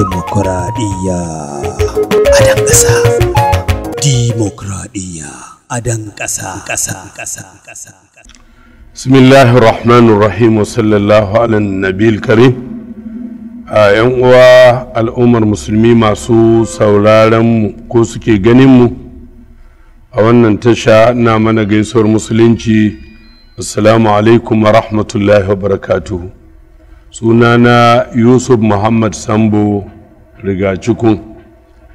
Dimokuraɗiyya a dan ƙasa. Dimokuraɗiyya a dan ƙasa. ƙasa. ƙasa. ƙasa. Bismillahir Rahmanir Rahim wa sallallahu ala Nabil Karim. A ‘yan uwa al'ummar musulmi masu sauraron mu ko suke ganin mu a wannan tasha na mana gaisuwar musulunci. Assalamu alaikum wa rahmatullahi wa barakatuhu. sunana yusuf muhammad sambo rigacikun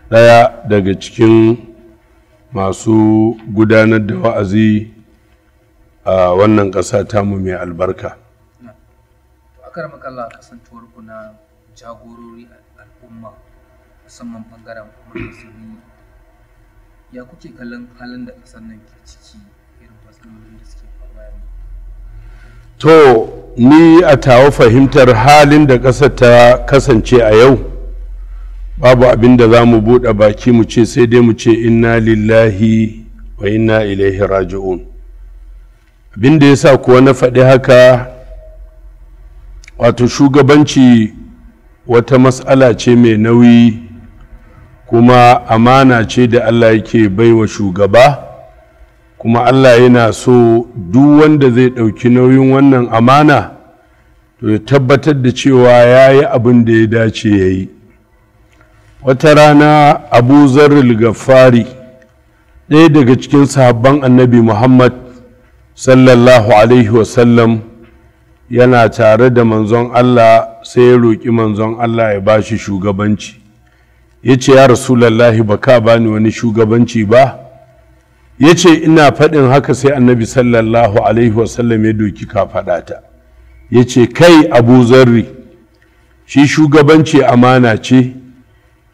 ɗaya daga cikin masu gudanar da wa'azi a wannan ƙasa tamu mai albarka. akar makalla kasantuwar ku na jagorori al'umma musamman bangaren musulmi ya kuke kallon halin da ƙasar nan ke ciki irin matsalolin da suke faruwa to ni a tawo fahimtar halin da ƙasar ta kasance a yau babu abin da za mu buɗe baki mu ce sai dai mu ce inna lillahi wa inna ilaihi raji'un abin da ya sa kuwa na faɗi haka wato shugabanci wata mas'ala ce mai nauyi kuma amana ce da allah yake baiwa shugaba kuma allah yana so duk wanda zai ɗauki nauyin wannan amana to ya tabbatar da cewa ya yi abin da ya dace ya yi wata rana abu zarril gafari ɗaya daga cikin sahabban annabi muhammad sallallahu alaihi wasallam yana tare da manzon allah sai ya roƙi manzon allah ya bashi shugabanci ya ce ya rasulallahi ba ka bani wani shugabanci ba ya ce ina faɗin haka sai annabi sallallahu alaihi wasallam ya doki ka kafaɗata ya ce kai abu zarri shi shugabanci amana ce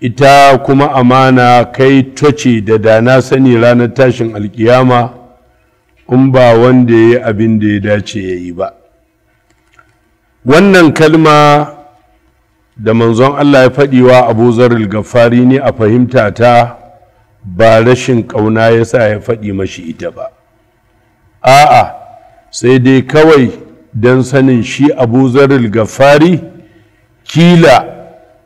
ita kuma amana kai toce da dana sani ranar tashin alkiyama in ba wanda ya yi abin da ya dace ya yi ba wannan kalma da manzon Allah ya faɗiwa abu zarar gafari ne a fahimta ta ba rashin ƙauna ya sa ya faɗi mashi ita ba a'a sai dai kawai don sanin shi abu zarar gafari kila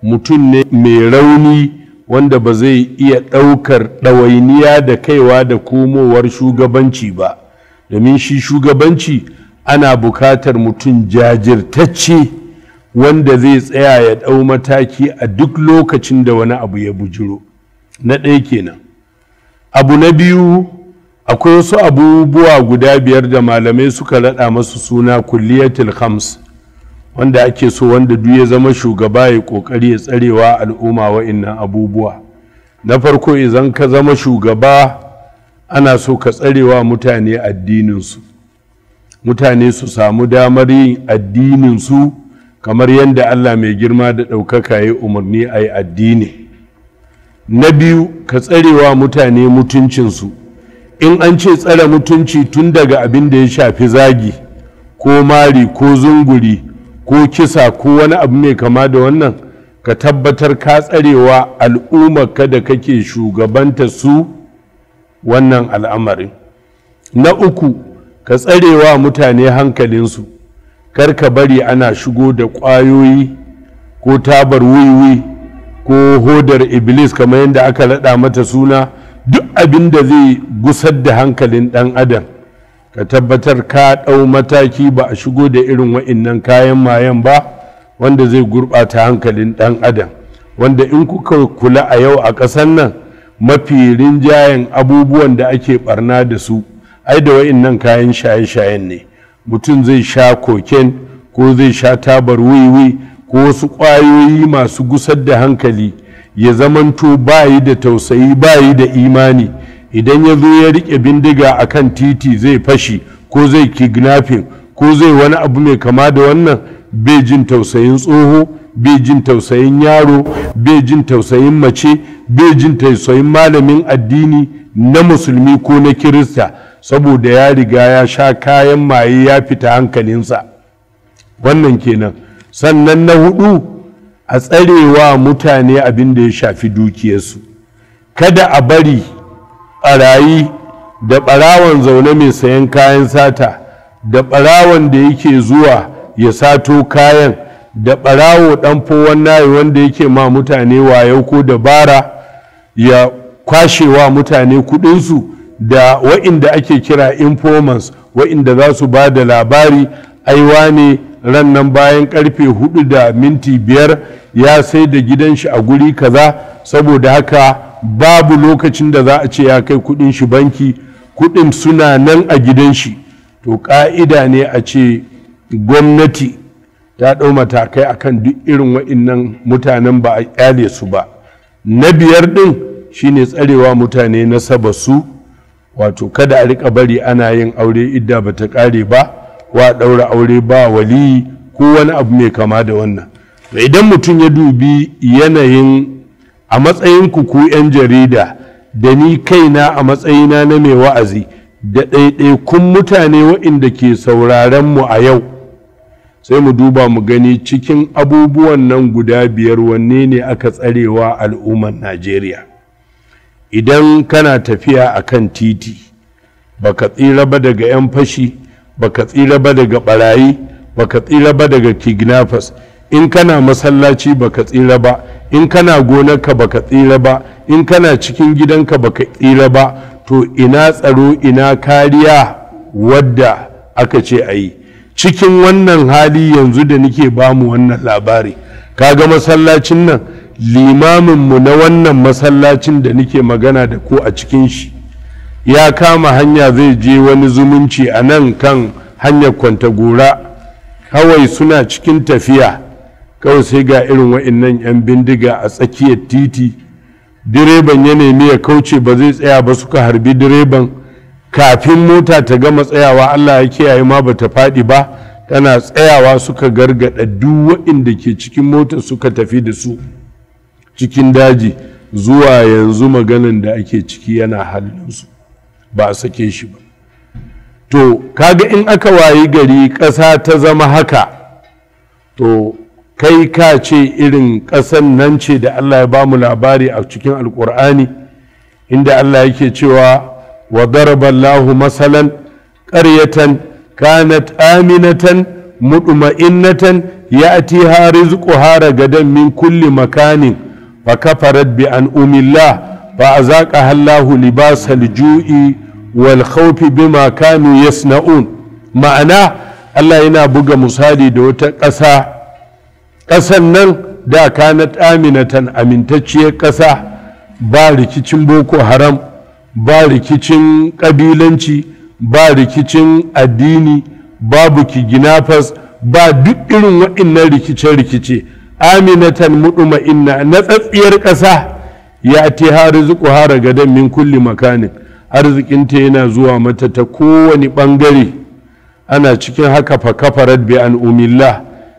mutum ne mai rauni wanda ba zai iya ɗaukar ɗawainiya da kaiwa da komowar shugabanci ba domin shi shugabanci ana buƙatar mutum jajirtacce wanda zai tsaya ya ɗau mataki a duk lokacin da wani abu ya bujiro na ɗaya kenan abu na biyu akwai wasu abubuwa guda biyar da malamai suka raɗa masu suna kulliyatul khams wanda ake so wanda duk ya zama shugaba ya kokari ya tsarewa al'umma wa'annan abubuwa na farko idan ka zama shugaba ana so ka tsarewa mutane addininsu mutane su samu damar yin addininsu kamar yadda allah mai girma da ɗaukaka ya umarni a yi addini na biyu ka tsarewa mutane mutuncinsu in an ce tsare mutunci tun daga abin da ya shafi zagi ko mari ko zunguri ko kisa ko wani abu mai kama da wannan ka tabbatar ka tsarewa al'ummarka da kake shugabanta su wannan al'amarin na uku ka tsarewa mutane hankalinsu kar ka bari ana shigo da ƙwayoyi ko tabar wiwi ko hodar iblis kamar yadda aka laɗa mata suna duk abin da zai gusar da hankalin ɗan adam ka tabbatar ka ɗau mataki ba a shigo da irin wa'innan kayan mayan ba wanda zai gurɓata hankalin ɗan adam wanda in kuka kula a yau a ƙasar nan mafi rinjayen abubuwan da ake ɓarna da su ai da wa'innan kayan shaye-shayen ne mutum zai sha koken ko zai sha tabar wiwi ko wasu ƙwayoyi masu gusar da hankali ya zamanto bayi da tausayi bayi da imani idan ya zo ya rike bindiga a kan titi zai fashi ko zai kidnapping ko zai wani abu mai kama da wannan bai jin tausayin tsoho bai jin tausayin yaro bai jin tausayin mace bai jin tausayin malamin addini na musulmi ko na kirista saboda ya riga ya sha kayan maye ya fita hankalinsa wannan kenan sannan na hudu a tsarewa mutane abin da ya shafi dukiyarsu kada a bari ɓarayi da ɓarawan zaune mai sayan kayan sata da ɓarawan da yake zuwa ya sato kayan da ɓarawo ɗan fowon nayi wanda yake ma mutane wayo ko dabara ya kwashewa mutane kuɗinsu da wa'inda ake kira informants wa'inda za su ba da labari aiwa ne ran nan bayan karfe hudu da minti biyar ya sai da gidan shi a guri kaza saboda haka babu lokacin da za a ce ya kai kudin shi banki kudin suna nan a gidan shi to ka'ida ne a ce gwamnati ta ɗau matakai akan duk irin wa'innan mutanen ba a ƙyale su ba na biyar ɗin shine tsarewa mutane na saba su wato kada a rika bari ana yin aure idda ba ta ƙare ba wa ɗaura aure ba wali ko wani abu mai kama da wannan to idan mutum ya dubi yanayin a matsayin ku ku 'yan jarida da ni kaina a matsayina na mai wa'azi da ɗaiɗaikun mutane waɗanda ke sauraron mu a yau sai mu duba mu gani cikin abubuwan nan guda biyar wanne ne aka tsarewa al'umman najeriya idan kana tafiya a kan titi baka tsira ba daga 'yan fashi baka tsira ba daga barayi baka tsira ba daga kignafas in kana masallaci baka tsira ba in kana gonarka baka tsira ba in kana cikin gidanka baka tsira ba to ina tsaro ina kariya wadda aka ce a yi cikin wannan hali yanzu da nake bamu wannan labari kaga masallacin nan Limamin mu na wannan masallacin da nake magana da ko a cikin shi ya kama hanya zai je wani zumunci a nan kan hanyar kwanta gora. kawai suna cikin tafiya kawai sai ga irin wa'innan 'yan bindiga a tsakiyar titi direban ya nemi ya kauce ba zai tsaya ba suka harbi direban kafin mota ta gama tsayawa allah ya kiyaye ma ba ta faɗi ba tana tsayawa suka gargaɗa duk wa'inda ke cikin motar suka tafi da su cikin daji zuwa yanzu maganin da ake ciki yana hallinsu ba a sake shi ba to kaga in aka wayi gari ƙasa ta zama haka to kai ka ce irin ƙasan nan ce da Allah ya bamu labari a cikin alƙur'ani inda Allah yake cewa wa daraballahu masalan ƙaryatan kanat aminatan mutma'innatan ya'tiha rizquha ragadan min kulli makanin fa kafarat bi an umillah fa azaqaha Allahu libasal ju'i wal khawfi bima kanu yasna'un ma'ana Allah yana buga misali da wata ƙasa ƙasan nan da kanat aminatan amintacciyar ƙasa ba rikicin boko haram ba rikicin ƙabilanci ba rikicin addini babu kiginafas ba duk irin waɗannan rikice-rikice aminatan muɗuma inna na tsatsiyar ƙasa ya ti har zuku hara gadon min kulli makanin arzikinta yana zuwa mata ta kowane ɓangare ana cikin haka fa kafarat bi an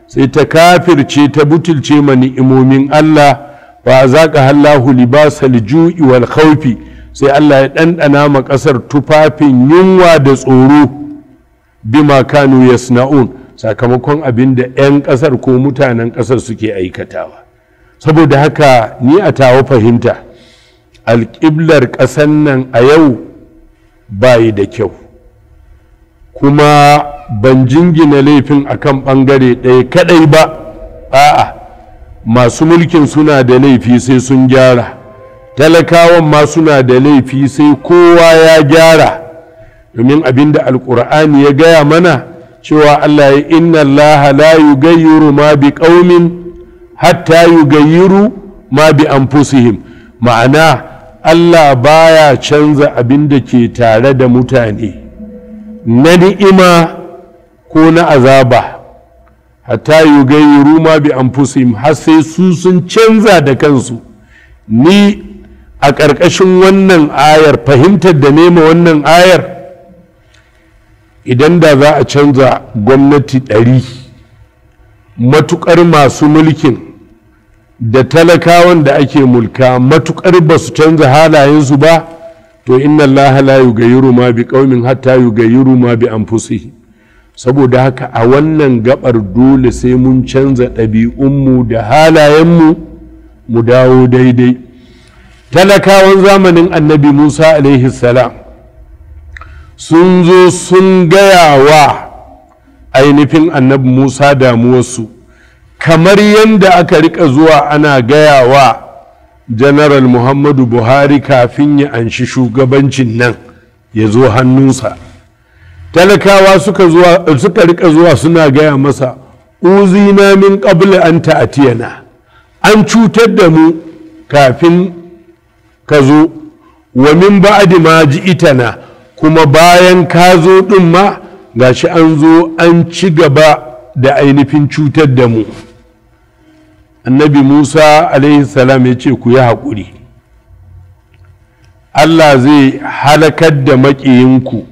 sai ta kafirce ta butulce ma ni'imomin Allah ba fa zaka hallahu libasal ju'i wal khawfi sai Allah ya ɗanɗana ma ƙasar tufafin yunwa da tsoro bima kanu yasna'un sakamakon abin da 'yan ƙasar ko mutanen ƙasar suke aikatawa saboda haka ni a tawa fahimta alƙiblar ƙasan nan a yau bayi da kyau kuma ban jingina laifin a kan ɓangare ɗaya kaɗai ba a'a masu mulkin suna da laifi sai sun gyara talakawan ma suna da laifi sai kowa ya gyara domin abin da alkur'ani ya gaya mana cewa allah ya inna allah la yugayyiru ma bi ƙaumin hatta yugayyiru ma bi anfusihim ma'ana Allah baya canza abin da ke tare da mutane na ni'ima ko na azaba hatta yugayyiru ma bi anfusihim har sai su sun canza da kansu ni a ƙarƙashin wannan ayar fahimtar da nema wannan ayar idan da za a canza gwamnati ɗari matuƙar masu mulkin da talakawan da ake mulka matukar ba su canza halayensu ba to inna Allah la yugayiru ma bi qaumin hatta yugayiru ma bi anfusihim saboda haka a wannan gabar dole sai mun canza ɗabi'unmu da halayenmu mu dawo daidai talakawan zamanin annabi musa alaihi salam sun zo sun gaya wa ainihin annabi musa damuwarsu kamar yadda aka rika zuwa ana gaya wa janaral muhammadu buhari kafin ya anshi shugabancin nan ya zo hannunsa talakawa suka rika zuwa suna gaya masa uzina min qabla an ta'atiyana an cutar da mu kafin ka zo wa min ba'adi ma itana kuma bayan ka zo din ma gashi an zo an ci gaba da ainihin cutar da mu annabi musa salam ya ce ku yi haƙuri allah zai halakar da maƙiyinku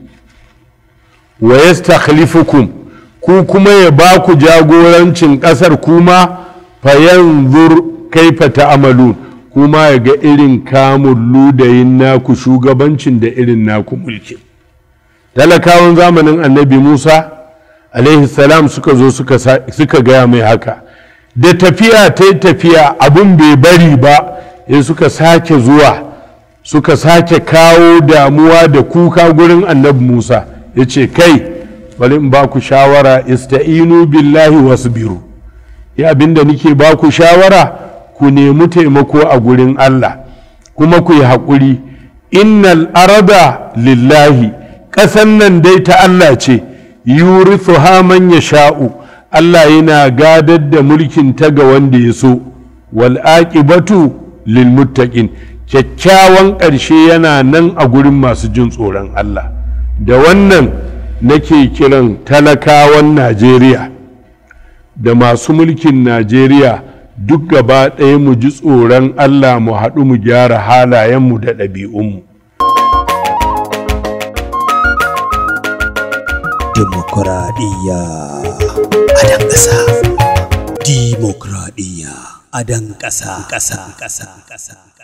wa yastakhlifukum ku kuma ya ba ku jagorancin ƙasar kuma fayanzur kaifa ta'amalun kuma ya ga irin kamun ludayin naku shugabancin da irin naku mulkin talakawan zamanin annabi musa salam suka zo suka gaya mai haka da tafiya ta tafiya abin bai bari ba ya suka sake zuwa suka sake kawo damuwa da kuka gurin annabi musa ya ce kai bari in ba ku shawara ista'inu billahi wasu wasbiru ya da nike ba ku shawara ku nemi taimako a gurin allah kuma ku yi haƙuri innal arada lillahi ƙasan nan dai ta allah ce yurithu man ya sha'u Allah yana gadar da mulkin ta ga wanda ya so wal aqibatu lil muttaqin kyakkyawan ƙarshe yana nan a gurin masu jin tsoron Allah da wannan nake kiran talakawan Najeriya da masu mulkin Najeriya duk gaba ɗaya mu ji tsoron Allah mu haɗu mu gyara halayenmu da ɗabi'unmu. Demokuraɗiyya dan ƙasa. Dimokuraɗiyya a ƙasa, ƙasa, ƙasa, ƙasa.